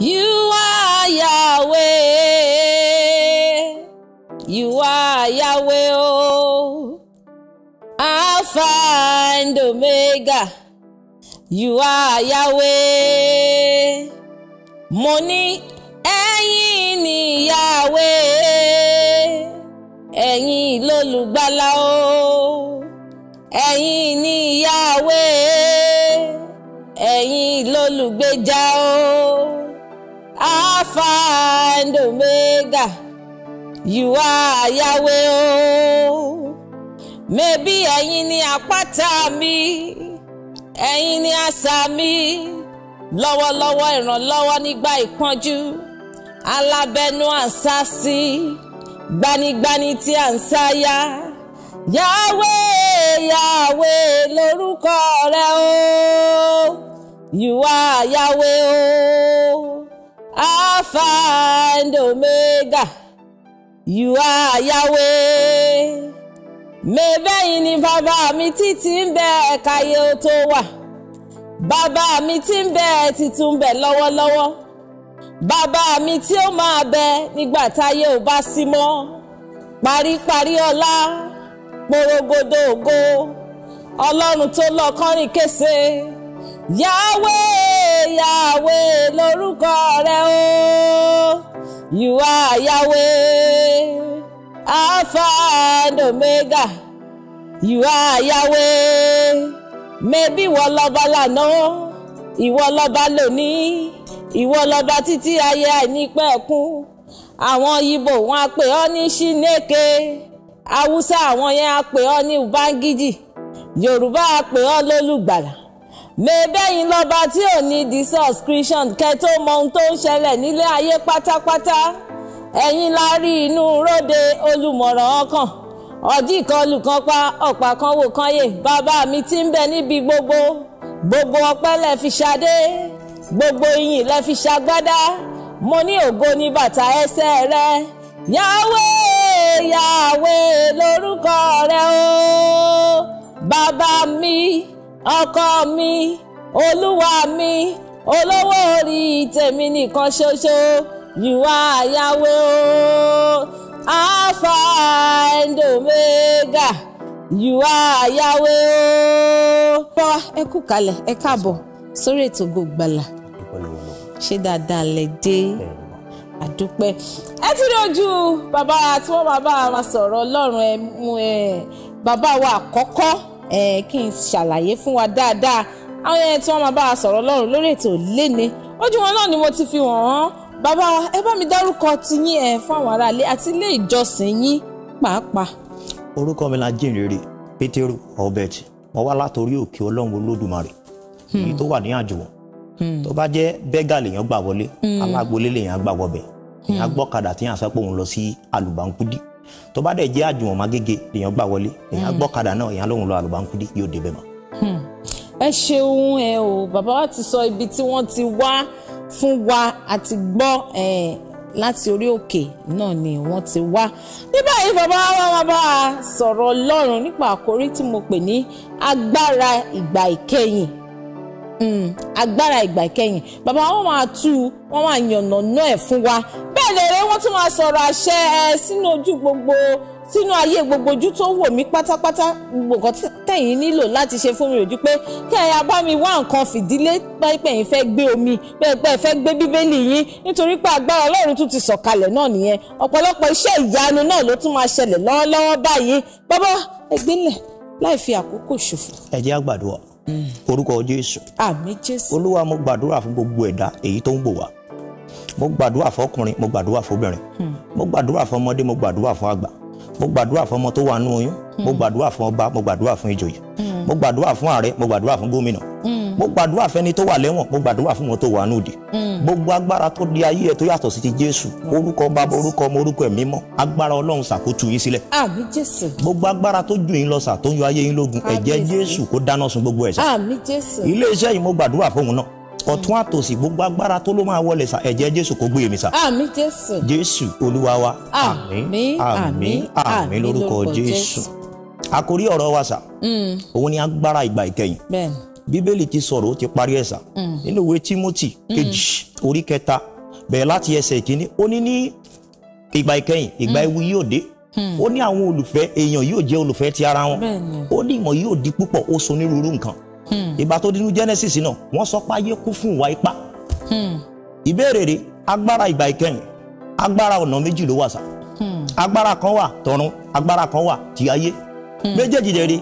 You are Yahweh. You are Yahweh. Oh. Alpha and Omega. You are Yahweh. Money ní ni Yahweh. Ẹ̀yin lólùgbàlà oh. Ẹ̀yin ni Yahweh. Ẹ̀yin lólùgbèjà oh. Alpha and Omega, you are Yahweh. Oh. Maybe ẹ̀yin ni àpáta mi, ẹ̀yin ni asà mi, lọ́wọ́lọ́wọ́ ìrànlọ́wọ́ nígbà ìpọ́njú, alábẹ́nú àṣàṣì, gbanigbani tí à ń sáyà. Yahweh, Yahweh lórúkọ rẹ o, you are Yahweh o. Alpha and Omega. You are Yahweh. Mẹ́bẹ́yìn ni Baba mi tí ti ń bẹ káyé ó tó wà. Bàbá mi tí ń bẹ ti tún bẹ lọ́wọ́lọ́wọ́. Bàbá mi tí ó máa bẹ nígbà táyé ò bá sí mọ́. Paríparí ọlá, porogodo ògo, ọlọ́run tó lọ kọ́rin kése. Yahweh. Yahweh lórúkọ rẹ o you are Yahweh Alpha and Omega you are Yahweh mẹbí ìwọ lọba lànà ìwọ lọba lónìí ìwọ lọba títí ayé àìnípẹ̀kun àwọn Ìgbò wọn á pè ọ́ ní Chineke Haúsá àwọn yẹn á pè ọ́ ní Ubangiji Yorùbá á pè ọ́ lólùgbàlà mẹ́bẹ́yìn lọ́ba tí ò ní di subscription kẹ́ tó mọ ohun tó ń ṣẹlẹ̀ nílé ayé pátápátá ẹ̀yin la rí inú róde olùmọ̀ràn ọkàn ọdí ìkọlù kan pa ọ̀pá kan wò kan yè bàbá mi ti ń bẹ níbi gbogbo gbogbo ọpẹ́ lẹ fi ṣadé gbogbo iyìn lẹ fi ṣagbádá mo ní ògo ní bàtà ẹsẹ̀ rẹ yàwé yàwé lórúkọ rẹ o bàbá mi ọkọ mi olúwa mi olówó orí tèmi nìkan ṣoṣo you are Yahweh alpha and omega you are Yahweh. bọ́ ẹ kú kalẹ̀ ẹ káàbọ̀ sórí ètò Ògo Ìgbàlà ṣé dáadáa lẹ dé àdúpẹ́ ẹ ti rí ojú bàbá tí wọ́n bàbá máa sọ̀rọ̀ ọlọ́run ẹ mú ẹ bàbá wa àkọ́kọ́ kí n ṣàlàyé fún wa dáadáa àwọn ẹni tí wọ́n máa bá a sọ̀rọ̀ lọ́rùn lórí ètò léni ojú wọn náà ni mo ti fi wọ̀n wọ́n bàbá ẹ bá mi dárúkọ tiyín ẹ fáwọn aráalé àti ilé ìjọsìn yín pàápàá. orúkọ mi la jìnrere Pétérù Albert mo wá látòrí òkè Ọlọ́run Olódùmarè hmm. èyí tó wà ní àjùwọ̀n hmm. tó bá jẹ́ bẹ́gà lèèyàn gbà wọlé hmm. alágbolé lèèyàn gbà wọbẹ̀ èèyàn gbọ́kadà tí yàn sọ pé òun lọ sí àlùbáńkúdì tó bá dẹ̀ jẹ́ àjùmọ̀má gègé lèèyàn gbà wọlé èèyàn hmm. gbọ́kadà náà èèyàn lóhùn lọ àlùbáńkúdí yóò débẹ̀ mọ́. Hmm. ẹ ṣeun ẹ o bàbá wa ti sọ ibi tí wọ́n ti wá fún wa àti gbọ́ láti orí òkè náà ni wọ́n ti wá ní báyìí bàbá wa máa bá a sọ̀rọ̀ Ọlọ́run nípa àkórí tí mo pè ní agbára ìgbà ìkẹyìn Um, agbára ìgbà ìkẹyìn bàbá wọn máa tú wọn máa yànnà náà ẹ̀ fún wa bẹ́ẹ̀ lèrè wọ́n tún máa sọ̀rọ̀ àṣẹ ẹ sínú ojú gbogbo sínú ayé gbogbo ojú tó wò mí pátápátá gbogbo nǹkan tẹ̀yìn nílò láti ṣe fún mi rò ju pé kí ẹ̀yà bá mi wá nǹkan fìdílé pẹ́ẹ́pẹ́ yín fẹ́ gbé omi pẹ́ẹ́pẹ́ fẹ́ gbé bíbélì yín nítorí pé agbára ọlọ́run tún ti sọ̀kalẹ̀ náà nìyẹn ọ̀pọ̀lọpọ̀ iṣẹ́ ìyanu náà ló tún máa ṣẹlẹ̀ lọ́wọ́lọ́wọ́ báyìí bàbá ẹgbẹ́lẹ̀ láì fi àkókò ṣòfò. ẹ jẹ́ àgbàdo orúkọ jésù àmín jésù olúwa mo gbàdúrà fún gbogbo ẹ̀dá èyí tó ń bò wá mo gbàdúrà fọkùnrin mo gbàdúrà fọbìnrin mo gbàdúrà fún ọmọdé mo gbàdúrà fún àgbà mo gbàdúrà fún ọmọ tó wà nínú oyún mo gbàdúrà fún ọba mo gbàdúrà fún ìjòyè mo gbàdúrà fún ààrẹ mo gbàdúrà fún gómìnà mo gbàdúrà fẹ́ni tó wà lẹ́wọ̀n mo gbàdúrà fún wọn tó wà núdi. Hmm. gbogbo agbára tó di ayé ẹ tó yàtọ̀ sí ti jésù orúkọ bàbá orúkọ ọmọ orúkọ ẹ̀mí mọ́ agbára ọlọ́run sàkótú yín sílẹ̀. àmín jésù. gbogbo agbára tó jù yín lọ sà tó ń yọ ayé yín lógun ẹ̀jẹ̀ jésù kó dáná sun gbogbo ẹ̀ṣẹ̀. àmín jésù. ilé iṣẹ́ yìí mo gbàdúrà fóun náà ọ̀tún àtòsí gbogbo agbára tó ló máa wọlé sa ẹ̀jẹ̀ jésù kó gbé èmi sa. àmín jésù. jésù olúwa wa. àmín àmín àmín lórúkọ jésù. àkórí ọ̀rọ̀ wa sa. Hmm. òun ni agbára ìgbà ìkẹyìn. bẹ́ẹ̀ni bíbélì ti sọ̀rọ̀ ó ti parí ẹ̀sà mm. nínú ìwé Timothy kejì mm. orí kẹta bẹ̀rẹ̀ láti ẹsẹ̀ ìkíní ó ní ní ìgbà ìkẹyìn ìgbà mm. ewu yóò dé ó ní àwọn olùfẹ́ èèyàn yóò jẹ́ olùfẹ́ ti ara wọn ó ní ìmọ̀ yóò di púpọ̀ ó so onírúurú nǹkan ìgbà tó dínú Genesis náà wọ́n sọ pé kú fún ìwà ipá ìbéèrè rẹ̀ agbára ìgbà ìkẹyìn agbára ọ̀nà méjì ló wà sá agbára kan wà tọ̀run agbára kan wà ti ayé méjèèjì dẹ̀ rí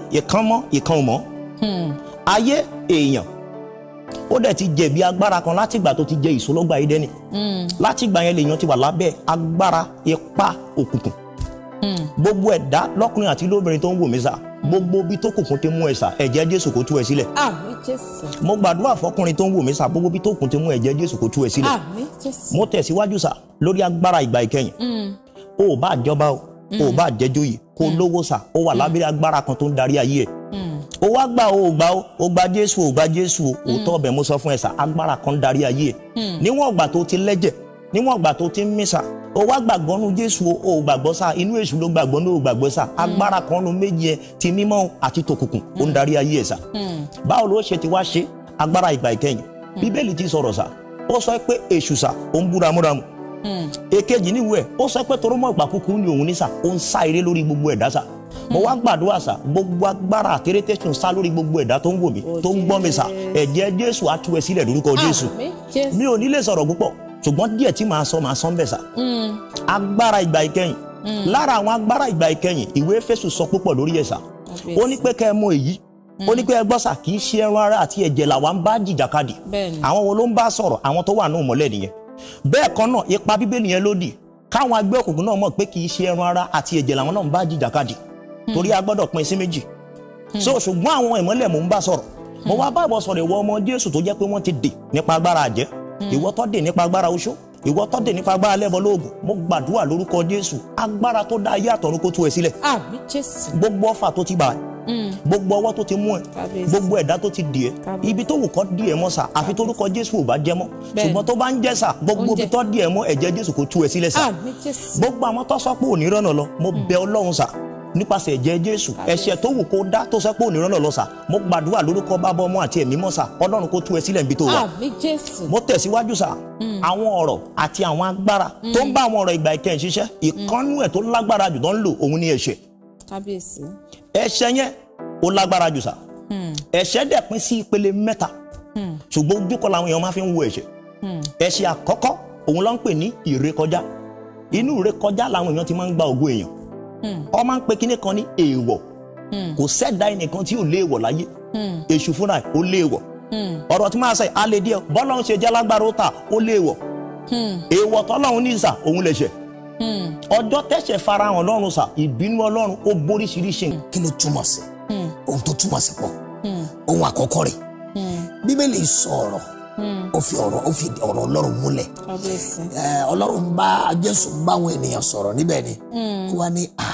ìkan ayé èèyàn ó dẹ̀ ti jẹ̀bi agbára kan láti ìgbà tó ti jẹ ìsọlọ́gbà Édẹ́nì hmm. láti ìgbà yẹn lèèyàn ti wà lábẹ́ agbára ipá òkùnkùn hmm. gbogbo ẹ̀dá lọ́kùnrin àti lóbìnrin tó ń wò mí sá gbogbo bí tó kùnkùn ti mú ẹ sá ẹ̀jẹ̀ Jésù kó tú ẹ sílẹ̀ ah, mo gbàdúrà fọkùnrin tó ń wò mí sá gbogbo bí tó kùnkùn ti mú ẹ̀jẹ̀ Jésù kó tú ẹ sílẹ̀ ah, mo tẹ̀síwájú sá lórí agbára ìgbà ìkẹyìn hmm. o ò bá jọba o ò bá jẹjọ yìí kó lówó sá ó wà lábẹ́rẹ́ agbára kan tó ń darí ayé ẹ̀ o wá gbà o ò gbà o o gba jésù o gba jésù o hmm. òótọ́ ọbẹ̀ mo sọ fún ẹ sà agbára kan darí ayé ẹ hmm. níwọ̀n ọgbà tó ti lẹ́jẹ̀ níwọ̀n ọgbà tó ti ń mísà o wá gbàgbọ́ nu jésù o ò gbàgbọ́ sá inú èṣù ló gbàgbọ́ ló gbàgbọ́ sá hmm. agbára kan nu méjì ẹ ti mímọ́ àti tòkùnkùn ó ń darí ayé ẹ sá báwo ló ṣe ti wá ṣe agbára ìgbà ìkẹyìn bíbélì ti sọ̀rọ̀ sá ó sọ pé èṣù sá ó ń búramúramù èkejì níwèé ó sọ pé torómọ̀ ìgbà mo wá gbàdúrà sà gbogbo agbára àkérété tún sá lórí gbogbo ẹ̀dá tó ń wò mí tó ń oh, gbọ́ mi sà ẹ̀jẹ̀ jésù á sílẹ̀ lórúkọ jésù mi ò ní lè sọ̀rọ̀ púpọ̀ ṣùgbọ́n díẹ̀ tí màá sọ màá sọ ń bẹ̀ sà hmm. agbára ìgbà ìkẹyìn hmm. lára àwọn agbára ìgbà ìkẹyìn ìwé Éfésù sọ púpọ̀ lórí ẹ̀ sa. Oh, ó ní pé kẹ́ ẹ mọ èyí ó ní hmm. pé ẹ gbọ́ sà kì í ṣe ẹran ara àti ẹ̀jẹ̀ làwa ń bá jìjàkadì àwọn wo ló ń bá sọ̀rọ̀ àwọn tó wà ní òmọ́lẹ̀ nìyẹn bẹ́ẹ̀ kan náà ipa bíbélì yẹn lódì káwọn agbẹ́ òkùnkùn náà mọ̀ pé kì í ṣe ẹran ara àti ẹ̀jẹ̀ làwọn náà ń bá jìjàkadì Hmm. torí a gbọ́dọ̀ pín sí méjì hmm. so ṣùgbọ́n àwọn ìmọ́lẹ̀ mò ń bá sọ̀rọ̀ hmm. mo wá bá ìwọ sọ̀rọ̀ ìwọ ọmọ Jésù tó jẹ́ pé wọ́n ti dè nípa agbára àjẹ́ ìwọ tó dè nípa agbára oṣó ìwọ tó dè nípa agbára lẹ́bọ lóògùn mo gbàdúrà lórúkọ Jésù agbára tó dá ayé àtọ̀run kó tú ẹ sílẹ̀ ah, gbogbo ọfà tó ti bà ẹ́ gbogbo ọwọ́ tó ti mú ẹ gbogbo ẹ̀dá tó ti dì ẹ ibi tó wù kó dì ẹ mọ́ sà àfi torúkọ jésù ò bá jẹ mọ́ ṣùgbọ́n tó bá ń jẹ sà gbogbo ibi tó dì ẹ mọ́ ẹ̀jẹ̀ jésù kò tú ẹ sílẹ̀ sà ah, gbogbo àwọn tó sọ pé òní rọ̀nà lọ mo bẹ ọlọ́run sà nípasẹ̀ ẹ̀jẹ̀ jésù ẹ̀ṣẹ̀ tó wù kó dá tó sọ pé òní rán lọ lọ́sà mo gbàdúrà lórúkọ bàbá ọmọ àti ẹ̀mí mọ́ sà ọlọ́run kó tú ẹ sílẹ̀ níbi tó wà mo tẹ̀síwájú sà hmm. àwọn ọ̀rọ̀ àti àwọn agbára tó ń hmm. bá àwọn ọ̀rọ̀ ìgbà ìkẹyìn ṣiṣẹ́ hmm. ìkọ́nú ẹ̀ tó lágbára jù tó ń lò òun ni ẹ̀ṣẹ̀ ẹ̀ṣẹ̀ yẹn ó lágbára jù sà ẹ̀ṣẹ̀ dẹ̀ pín sí ìpele mẹ́ta ṣùgbọ́n ojú kan làwọn èèyàn máa fi ń wo ẹ̀ṣẹ̀ ẹ̀ṣẹ̀ àkọ́kọ́ òun ní ìrékọjá inú ìrékọjá làwọn èèyàn ti máa ń gba ògo èèyàn ọ hmm. máa ń pe kinní kan ní èèwọ̀ hmm. kò sẹ́dá ẹnìkan tí ò léèwọ̀ láyé hmm. èṣù fúnra ẹ̀ ó léèwọ̀ ọ̀rọ̀ tí máa sọ yìí alẹ́ díẹ̀ bọ́lọ́run ṣe jẹ́ lágbára ó ta ó léèwọ̀ èèwọ̀ tọ́lọ́run ní ìsà òun lẹ̀ṣẹ̀ ọjọ́ tẹ̀ṣẹ̀ farahàn ọlọ́run sà ìbínú ọlọ́run ó boríṣiríṣi. kí ló túmọ̀ sí ohun tó túmọ̀ sí pọ̀ ohun àkọ́kọ́ rẹ̀ bíbélì sọ̀rọ̀ ó fi ọ̀rọ̀ ó fi ọ̀rọ̀ ọlọ́run múlẹ̀ ọlọ́run bá jésù bá àwọn ènìyàn sọ̀rọ̀ níbẹ̀ ni hmm. ó wá ní à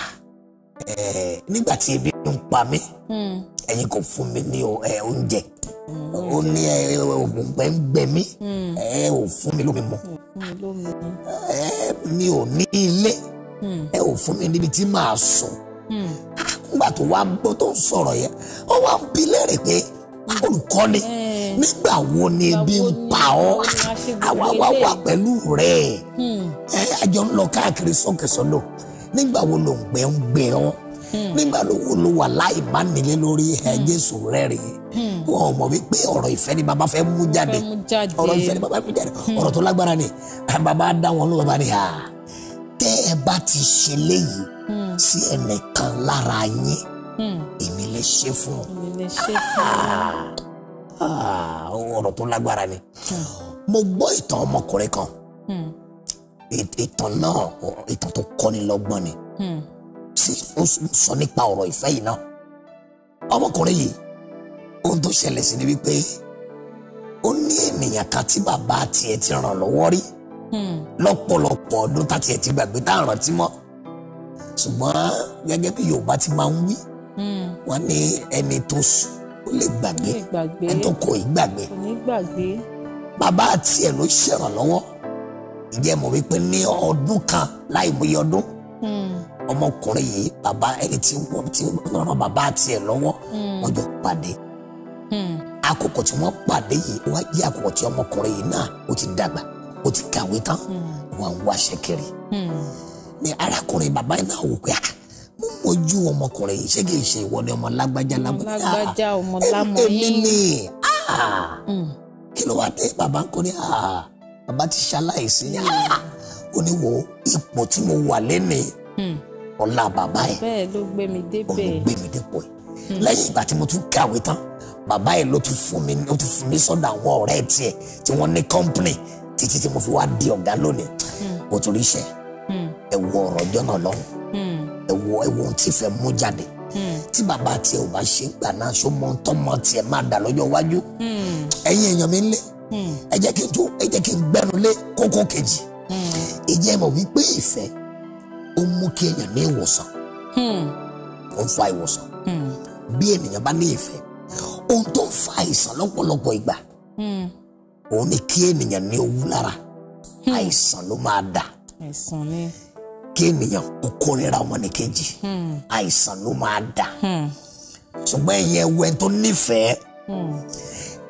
nígbà tí ebi ń pa mí hmm. ẹ̀yin kò fún mi ní oúnjẹ hmm. ó ní òǹgbẹ́ ń gbẹ mí ẹ ò fún mi lómi mu mi ò ní ilé ẹ ò fún mi níbi tí màá sùn nígbà tó wá gbọ́ tó ń sọ̀rọ̀ yẹn ó wá ń bi lẹ́rìí pé olùkọ́ni nígbà wo ni ebi ń ọ́ àwa wá wà pẹ̀lú rẹ̀ hmm. ẹ àjọ ń lọ káàkiri sọ́kẹsọ́lọ̀ nígbà wo ló ń gbẹ ń gbẹ ọ́ hmm. nígbà wo ló wà láì má nílé lórí ẹ hmm. Jésù rẹ̀ rè wọn ò mọ̀ wípé ọ̀rọ̀ ìfẹ́ ni bàbá fẹ́ mú jáde ọ̀rọ̀ ìfẹ́ ni bàbá mú jáde ọ̀rọ̀ tó lágbára ni bàbá dá wọn ló bàbá ni ha tẹ́ ẹ bá ti ṣe léyìí sí ẹnìkan lára yín èmi lè ṣe fún ọ. Ah, ọ̀rọ̀ tó lágbára ni mo gbọ́ ìtàn ọmọkùnrin kan hmm. ìtàn náà ìtàn tó kọ́ni lọ́gbọ́n ni hmm. sì ó sọ nípa ọ̀rọ̀ ìfẹ́ yìí náà ọmọkùnrin yìí ohun tó ṣẹlẹ̀ sí ni wípé ó ní ènìyàn kan tí bàbá tiẹ̀ ti ràn lọ́wọ́ rí hmm. lọ́pọ̀lọpọ̀ ọdún tá tiẹ̀ ti gbàgbé tá à ń rántí mọ́ ṣùgbọ́n gẹ́gẹ́ bí Yorùbá ti máa ń wí wọ́n ní ẹni tó sùn kò lè gbàgbé àtọkọ ìgbàgbé bàbá àti ẹ̀ ló ṣèrànlọ́wọ́ ìjẹ́ mọ̀ wípé ní ọdún kan láì bóyá ọdún hmm. ọmọkùnrin yìí bàbá ẹni tí wọ́n ti ràn bàbá àti ẹ̀ lọ́wọ́ hmm. wọ́n jọ pàdé hmm. àkókò tí wọ́n pàdé yìí wá jẹ́ àkókò tí ọmọkùnrin yìí náà ó ti dàgbà ó ti kàwé tán wọ́n ń wáṣẹ́ kiri ni arákùnrin bàbá yìí náà wò pé ah ojú ọmọkùnrin yìí ṣé kìí ṣe ìwọ ni ọmọ lágbájá lágbájá ọmọ lámọ yín èmi ni hmm. kí ló wá dé bàbá ń kọ ní ah, bàbá ti ṣaláìsí ní ó ní wo ipò tí mo wà lẹ́nu hmm. ọlá bàbá yẹn bẹ́ẹ̀ ló gbé mi débẹ̀ ló gbé mi dépò yẹn hmm. lẹ́yìn ìgbà tí mo tún kàwé tán bàbá yẹn ló tún fún mi ló tún fún mi sọ́dọ̀ àwọn ọ̀rẹ́ tiẹ̀ tí wọ́n ní kọ́ńpìnì títí tí mo fi wá di ọ̀gá lónìí mo tún rí iṣẹ́ ọ̀rọ̀ ọjọ́ náà lọ́hùn ẹwọ ẹwọ tí fẹ́ mú jáde hmm. tí bàbá tiẹ̀ ò bá ṣe gbà náà ṣó mọ tọmọ tiẹ̀ máa dà lọ́jọ́ iwájú hmm. ẹ̀yin èèyàn mi lé hmm. ẹ jẹ́ kí n tó ẹ jẹ́ kí n gbẹnu lé kókó kejì ìjẹ́ mọ̀ wípé ìfẹ́ ó mú kí èèyàn ní ìwòsàn ó ń fa ìwòsàn bí ènìyàn bá ní ìfẹ́ ohun tó ń fa àìsàn lọ́pọ̀lọpọ̀ ìgbà òun ni kí ènìyàn ní owú lára àìsàn ló máa dà. àìsàn ni kí ènìyàn kó kórìíra ọmọnìkejì hmm. àìsàn ló máa dà hmm. ṣùgbọ́n ẹ̀yin ẹ̀wọ̀ ẹni tó nífẹ̀ẹ́ hmm.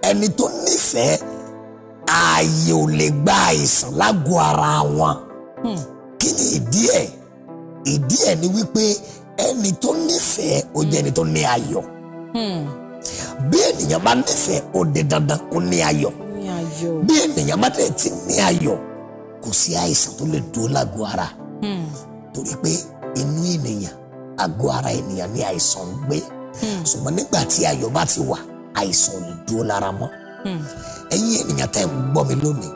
ẹni tó nífẹ̀ẹ́ ààyè ò lè gba àìsàn lágọ̀ọ́ ara wọn kí ni ìdí ẹ̀ ìdí ẹ̀ ni wípé ẹni tó nífẹ̀ẹ́ ó jẹ́ ẹni tó ní ayọ̀ bí ènìyàn bá nífẹ̀ẹ́ ó di dandan kó ní ayọ̀ bí ènìyàn bá dẹ̀ ti ní ayọ̀ kò sí àìsàn tó lè dúró lágọ̀ọ́ ara torí pé inú ènìyàn àgọ́ ara ènìyàn ni àìsàn ń gbé ṣùgbọ́n nígbà tí ayọ̀ bá ti wà àìsàn ò lè dúró lára mọ́ ẹ̀yin ènìyàn tẹ́ ń gbọ́ mi lónìí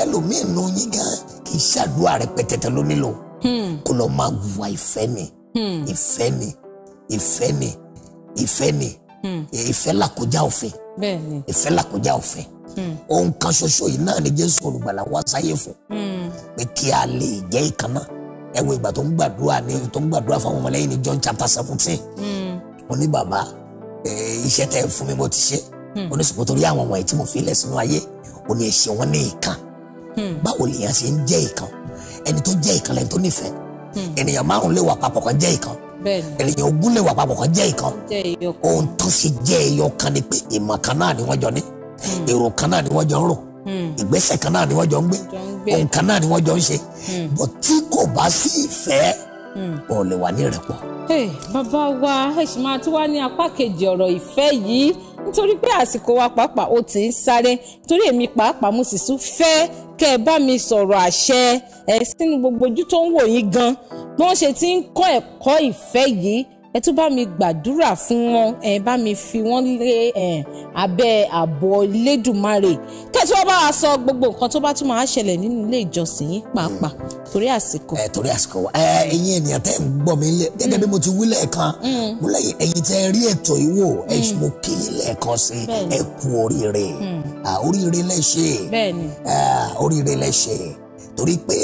ẹlòmíì nù yín gan kì í ṣàdúrà rẹpẹtẹtẹ ló nílò kó lọ́ọ́ máa wùwà ìfẹ́ ni ìfẹ́ ni ìfẹ́ ni ìfẹ́ ni ìfẹ́ làkójá òfin ìfẹ́ làkójá òfin ohun kan ṣoṣo yìí náà ni Jésù olùgbàlà wá sáyé fún pé kí a lè jẹ́ ìkan ẹ wo ìgbà tó ń gbàdúrà ní tó ń gbàdúrà fún àwọn ọmọlẹ́yìn ní John chapter seventeen hmm. mo ní bàbá iṣẹ́ tẹ fún mi mo ti ṣe mo hmm. ní sùpò torí àwọn wọ̀nyí tí mo fi lẹ̀ sínú ayé o ní ẹ̀ṣẹ̀ wọn ní ìkan hmm. báwo lèèyàn ṣe ń jẹ́ ìkan ẹni tó jẹ́ ìkan lẹ́ni tó nífẹ̀ẹ́ ènìyàn márùn lè wà papọ̀ kan jẹ́ ìkan ènìyàn ogún lè wà papọ̀ kan jẹ́ ìkan ohun tó ṣe jẹ́ ẹyọ kan ni pé ìmọ̀ kan náà ni wọ́n jọ ní èrò kan náà ni wọ́n jọ ń rò ìgbésẹ̀ kan náà ni wọ́n jọ ń gbé ohun kan náà ni wọ́n jọ ń ṣe bọ̀ tí ò bá sí ìfẹ́ ò hmm. lè wà ní ìrẹ́pọ̀. bàbá wa ẹ sì máa tún wá ní apá kejì ọ̀rọ̀ ìfẹ́ yìí nítorí pé àsìkò wa pàápàá ó ti ń sáré torí èmi pàápàá mo sì tún fẹ́ kẹ́ ẹ bá mi sọ̀rọ̀ àṣẹ ẹ sínú gbogbo ojú tó ń wò yín gan bí wọ́n ṣe ti ń kọ́ ẹ̀kọ́ ìfẹ́ yìí ẹ tún bá mi gbàdúrà fún wọn ẹ bá mi fi wọn lé abẹ́ ààbò Elédùmarè kẹtù wọn bá wa sọ gbogbo nǹkan tó bá tún máa ṣẹlẹ̀ nínú ilé ìjọsìn yín pàápàá torí àsìkò. ẹ torí àsìkò ẹ ẹ̀yin ènìyàn tẹ́ ń gbọ́ mi lé gẹ́gẹ́ bí mo ti wí lẹ́ẹ̀kan mm. mo lẹ́yìn ẹ̀yin tẹ́ rí ètò yìí wò ẹ mm. mo kí i lẹ́ẹ̀kan sí ẹ kú oríire mm. oríire lẹ ṣe oríire lẹ ṣe torí pé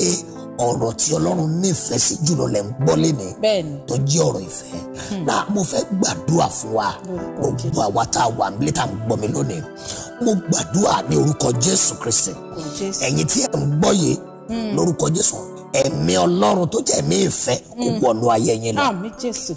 ọ̀rọ̀ tí ọlọ́run nífẹ̀ẹ́ sí jùlọ lẹ̀ ń gbọ́ lẹ́ni tó jẹ́ ọ̀rọ̀ ìfẹ́ hmm. na mo fẹ́ gbàdúrà fún wa gbogbo àwa tá a wà nílé tá a ń gbọ́ mi lónìí mo gbàdúrà ní orúkọ jésù kristi ẹ̀yin tí ẹ̀ ń gbọ́ yìí hmm. lórúkọ jésù ẹ̀mí ọlọ́run tó jẹ́ ẹ̀mí ìfẹ́ kó hmm. wọnú ayé yín lọ.